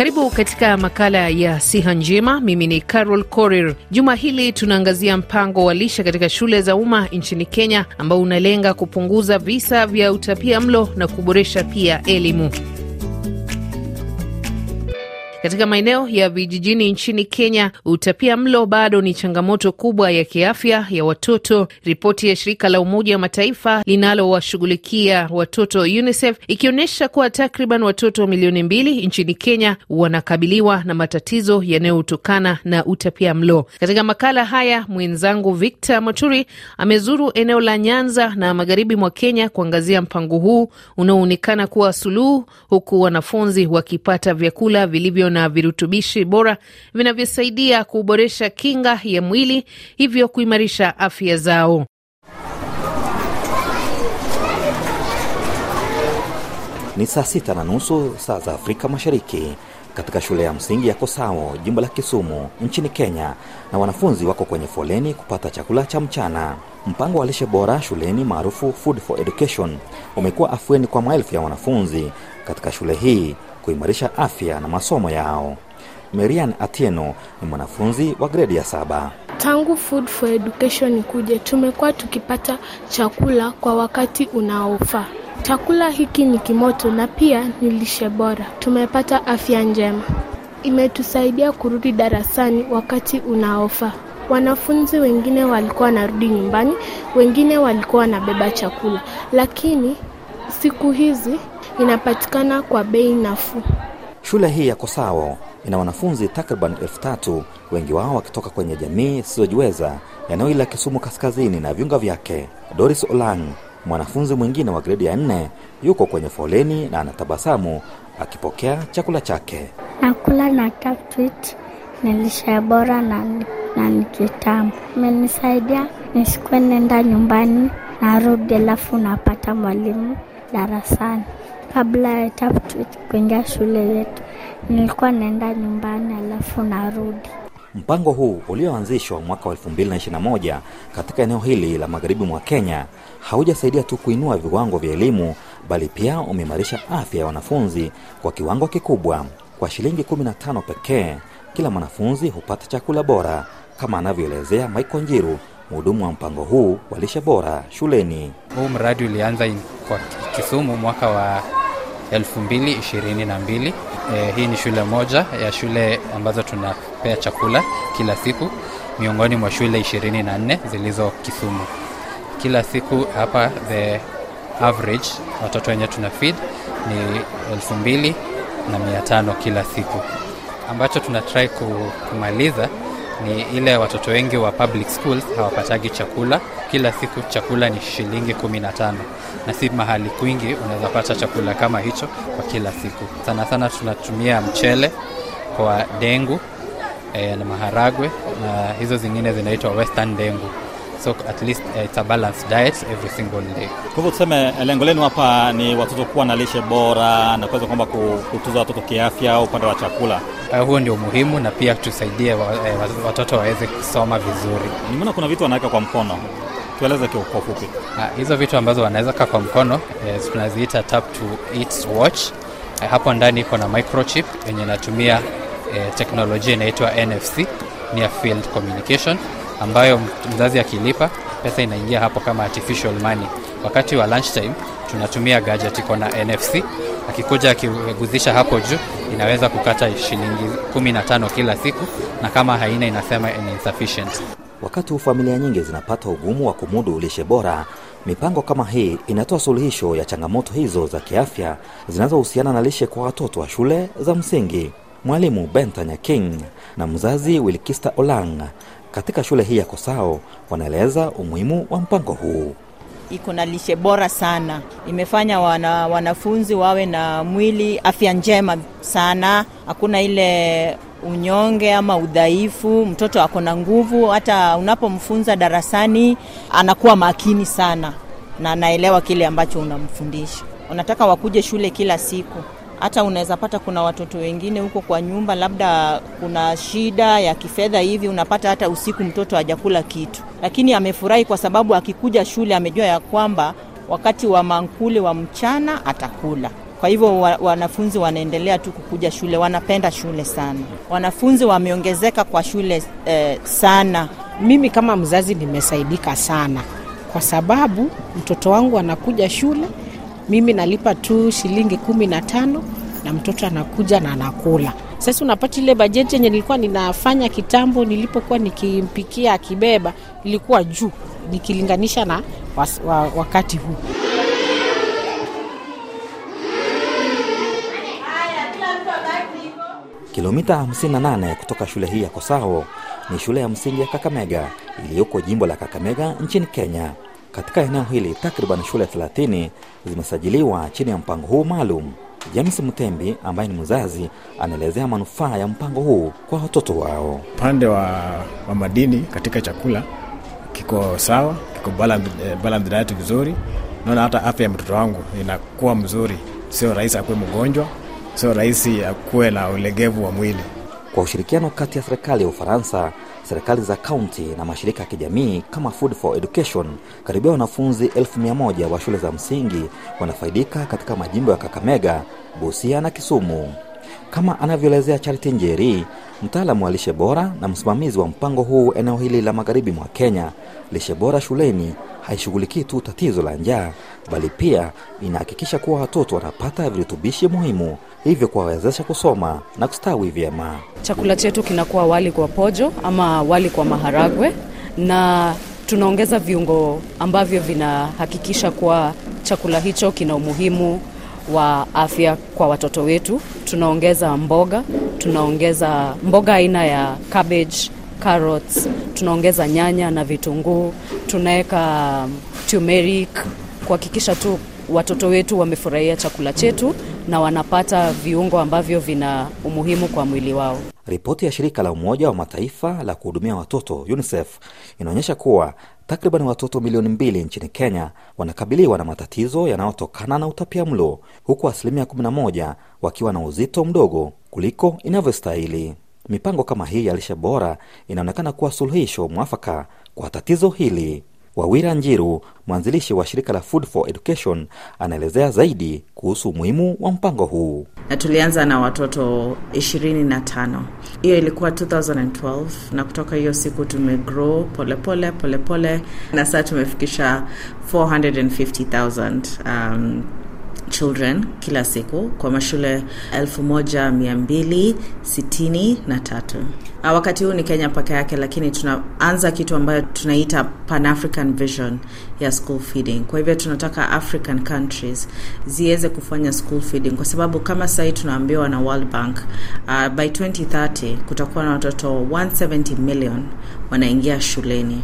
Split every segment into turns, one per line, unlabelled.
Karibu katika makala ya siha njema. Mimi ni Carol Korir. Juma hili tunaangazia mpango wa lishe katika shule za umma nchini Kenya ambao unalenga kupunguza visa vya utapia mlo na kuboresha pia elimu. Katika maeneo ya vijijini nchini Kenya, utapia mlo bado ni changamoto kubwa ya kiafya ya watoto. Ripoti ya shirika la Umoja wa Mataifa linalowashughulikia watoto UNICEF ikionyesha kuwa takriban watoto milioni mbili nchini Kenya wanakabiliwa na matatizo yanayotokana na utapia mlo. Katika makala haya mwenzangu Victor Maturi amezuru eneo la Nyanza na magharibi mwa Kenya kuangazia mpango huu unaoonekana kuwa suluhu, huku wanafunzi wakipata vyakula vilivyo na virutubishi bora vinavyosaidia kuboresha kinga ya mwili, hivyo kuimarisha afya zao.
Ni saa sita na nusu saa za Afrika Mashariki katika shule ya msingi ya Kosao, jimbo la Kisumu, nchini Kenya, na wanafunzi wako kwenye foleni kupata chakula cha mchana. Mpango wa lishe bora shuleni maarufu Food for Education umekuwa afueni kwa maelfu ya wanafunzi katika shule hii kuimarisha afya na masomo yao. Marian Atieno ni mwanafunzi wa gredi ya saba.
Tangu Food for Education ikuje, tumekuwa tukipata chakula kwa wakati unaofaa. Chakula hiki ni kimoto na pia ni lishe bora. Tumepata afya njema, imetusaidia kurudi darasani wakati unaofaa. Wanafunzi wengine walikuwa wanarudi nyumbani, wengine walikuwa wanabeba chakula, lakini siku hizi inapatikana kwa bei nafuu.
Shule hii ya Kosao ina wanafunzi takriban elfu tatu, wengi wao wakitoka kwenye jamii zisizojiweza eneo la Kisumu kaskazini na viunga vyake. Doris Olang, mwanafunzi mwingine wa gredi ya nne, yuko kwenye foleni na anatabasamu akipokea chakula chake.
Nakula na tafit ni lishe bora na, na ni kitamu, imenisaidia nisikuwe nenda nyumbani, narudi alafu napata mwalimu darasani kabla ya tatu kuingia shule yetu, nilikuwa naenda nyumbani alafu narudi.
Mpango huu ulioanzishwa mwaka wa 2021 katika eneo hili la magharibi mwa Kenya haujasaidia tu kuinua viwango vya elimu, bali pia umeimarisha afya ya wanafunzi kwa kiwango kikubwa. Kwa shilingi 15 pekee, kila mwanafunzi hupata chakula bora, kama anavyoelezea Michael Njiru, mhudumu wa mpango huu wa lishe bora shuleni.
Huu mradi ulianza kwa Kisumu mwaka wa 2022. E, eh, hii ni shule moja ya shule ambazo tunapea chakula kila siku miongoni mwa shule 24 zilizo Kisumu. Kila siku hapa the average watoto wenye tuna feed ni 2500 kila siku, ambacho tuna try kumaliza ni ile watoto wengi wa public schools hawapatagi chakula. Kila siku chakula ni shilingi 15 na si mahali kwingi unaweza pata chakula kama hicho kwa kila siku. Sana sana tunatumia mchele kwa dengu e, na maharagwe na hizo zingine zinaitwa western dengu. So at least uh, it's a balanced diet every single day. Kwa hivyo tuseme eh, lengo lenu hapa ni watoto kuwa na lishe bora na kuweza kwamba kutuza watoto kiafya upande wa chakula. Uh, huo ndio muhimu na pia tusaidie wa, eh, watoto waweze kusoma vizuri. Nimeona kuna vitu wanaweka kwa mkono tueleze kwa fupi Uh, ah, hizo vitu ambazo wanaweza kaa kwa mkono eh, tunaziita tap to eat watch. Eh, hapo ndani iko na microchip yenye inatumia eh, teknolojia inaitwa NFC, near field communication, ambayo mzazi akilipa pesa inaingia hapo kama artificial money wakati wa lunchtime tunatumia gadget iko na NFC. Akikuja akiguzisha hapo juu, inaweza kukata shilingi 15 kila siku, na kama haina inasema ni insufficient.
Wakati familia nyingi zinapata ugumu wa kumudu lishe bora, mipango kama hii inatoa suluhisho ya changamoto hizo za kiafya zinazohusiana na lishe kwa watoto wa shule za msingi. Mwalimu Bentanya King na mzazi Wilkista Olang katika shule hii ya Kosao wanaeleza umuhimu wa mpango huu
iko na lishe bora sana, imefanya wana, wanafunzi wawe na mwili afya njema sana, hakuna ile unyonge ama udhaifu. Mtoto ako na nguvu, hata unapomfunza darasani anakuwa makini sana na anaelewa kile ambacho unamfundisha. Unataka wakuje shule kila siku. Hata unaweza pata kuna watoto wengine huko kwa nyumba, labda kuna shida ya kifedha hivi, unapata hata usiku mtoto hajakula kitu, lakini amefurahi kwa sababu akikuja shule amejua ya kwamba wakati wa mankuli wa mchana atakula. Kwa hivyo wa, wanafunzi wanaendelea tu kukuja shule, wanapenda shule sana. Wanafunzi wameongezeka kwa shule eh, sana. Mimi kama mzazi nimesaidika sana, kwa sababu mtoto wangu anakuja shule mimi nalipa tu shilingi kumi na tano na mtoto anakuja na anakula. Sasa unapata ile bajeti yenye nilikuwa ninafanya kitambo, nilipokuwa nikimpikia akibeba, ilikuwa juu nikilinganisha na was, wa, wakati huu.
Kilomita 58 kutoka shule hii ya Kosao ni shule ya msingi ya Kakamega iliyoko jimbo la Kakamega nchini Kenya. Katika eneo hili takriban shule 30 zimesajiliwa chini ya mpango huu maalum. James Mutembi ambaye ni mzazi anaelezea manufaa ya mpango huu kwa watoto wao. Upande wa, wa madini katika chakula kiko sawa, kiko balanced eh, diet vizuri. Naona hata afya ya mtoto wangu inakuwa mzuri, sio rahisi akuwe mgonjwa, sio rahisi akuwe na ulegevu wa mwili kwa ushirikiano kati ya serikali ya Ufaransa, serikali za kaunti na mashirika ya kijamii kama Food for Education, karibia wanafunzi 1 wa shule za msingi wanafaidika katika majimbo ya Kakamega, Busia na Kisumu, kama anavyoelezea Charity Njeri, mtaalamu wa lishe bora na msimamizi wa mpango huu eneo hili la magharibi mwa Kenya, lishe bora shuleni haishughulikii tu tatizo la njaa, bali pia inahakikisha kuwa watoto wanapata virutubishi muhimu, hivyo kuwawezesha kusoma na kustawi vyema.
Chakula chetu kinakuwa wali kwa pojo ama wali kwa maharagwe, na tunaongeza viungo ambavyo vinahakikisha kuwa chakula hicho kina umuhimu wa afya kwa watoto wetu. Tunaongeza mboga, tunaongeza mboga aina ya cabbage carrots, tunaongeza nyanya na vitunguu, tunaweka um, turmeric kuhakikisha tu watoto wetu wamefurahia chakula chetu na wanapata viungo ambavyo vina umuhimu kwa mwili wao. Ripoti ya shirika
la Umoja wa Mataifa la kuhudumia watoto UNICEF inaonyesha kuwa takriban watoto milioni mbili nchini Kenya wanakabiliwa na matatizo yanayotokana na utapia mlo, huku asilimia 11 wakiwa na uzito mdogo kuliko inavyostahili. Mipango kama hii ya lishe bora inaonekana kuwa suluhisho mwafaka kwa tatizo hili. Wawira Njiru, mwanzilishi wa shirika la Food for Education, anaelezea zaidi kuhusu umuhimu wa mpango huu.
Na tulianza na watoto 25. Hiyo ilikuwa 2012 na kutoka hiyo siku tumegrow polepole polepole pole, na sasa tumefikisha 450,000 um, Children kila siku kwa mashule 1263. Ah, wakati huu ni Kenya peke yake, lakini tunaanza kitu ambayo tunaita Pan African Vision ya school feeding. Kwa hivyo tunataka African countries ziweze kufanya school feeding, kwa sababu kama sasa tunaambiwa na World Bank uh, by 2030 kutakuwa na watoto 170 million wanaingia shuleni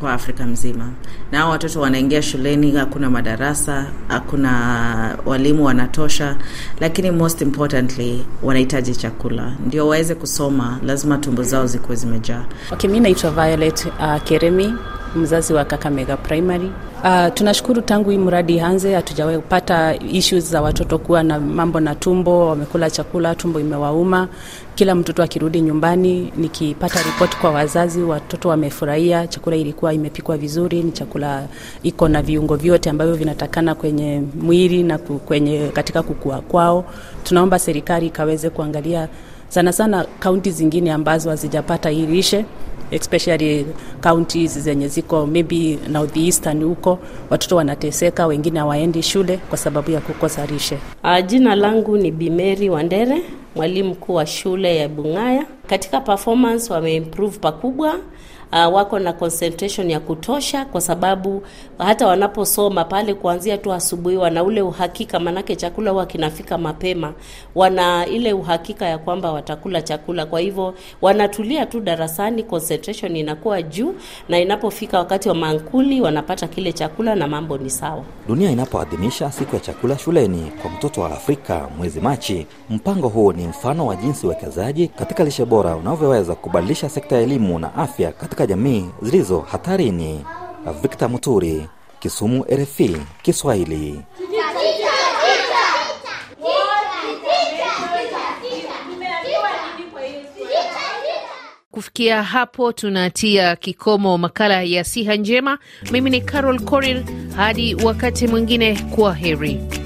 kwa Afrika mzima, na hao watoto wanaingia shuleni, hakuna madarasa, hakuna walimu wanatosha, lakini most importantly wanahitaji chakula ndio waweze kusoma, lazima tumbo zao zikuwe zimejaa. Okay, mi naitwa Violet uh, Keremi mzazi wa Kakamega Primary. Uh, tunashukuru tangu hii mradi ianze hatujawahi kupata issues za watoto kuwa na mambo na tumbo, wamekula chakula tumbo imewauma. Kila mtoto akirudi nyumbani, nikipata ripoti kwa wazazi, watoto wamefurahia chakula, ilikuwa imepikwa vizuri, ni chakula iko na viungo vyote ambavyo vinatakana kwenye mwili na kwenye katika kukua kwao. Tunaomba serikali ikaweze kuangalia sana sana kaunti zingine ambazo hazijapata hii lishe especially counties zenye ziko maybe eastern huko, watoto wanateseka, wengine hawaendi shule kwa sababu ya kukosa lishe. Ah, jina langu ni Bimeri Wandere, mwalimu mkuu wa shule ya Bung'aya. Katika performance wameimprove pakubwa uh, wako na concentration ya kutosha, kwa sababu hata wanaposoma pale kuanzia tu asubuhi wana ule uhakika, manake chakula huwa kinafika mapema, wana ile uhakika ya kwamba watakula chakula. Kwa hivyo wanatulia tu darasani, concentration inakuwa juu, na inapofika wakati wa mankuli wanapata kile chakula na mambo ni sawa.
Dunia inapoadhimisha siku ya chakula shuleni kwa mtoto wa Afrika mwezi Machi, mpango huu ni mfano wa jinsi uwekezaji katika lishe bora unavyoweza kubadilisha sekta ya elimu na afya katika katika jamii zilizo hatarini. Victor Muturi, Kisumu, RFI Kiswahili.
Kufikia hapo tunatia kikomo makala ya siha njema. Mimi ni Carol Korir, hadi wakati mwingine, kwa heri.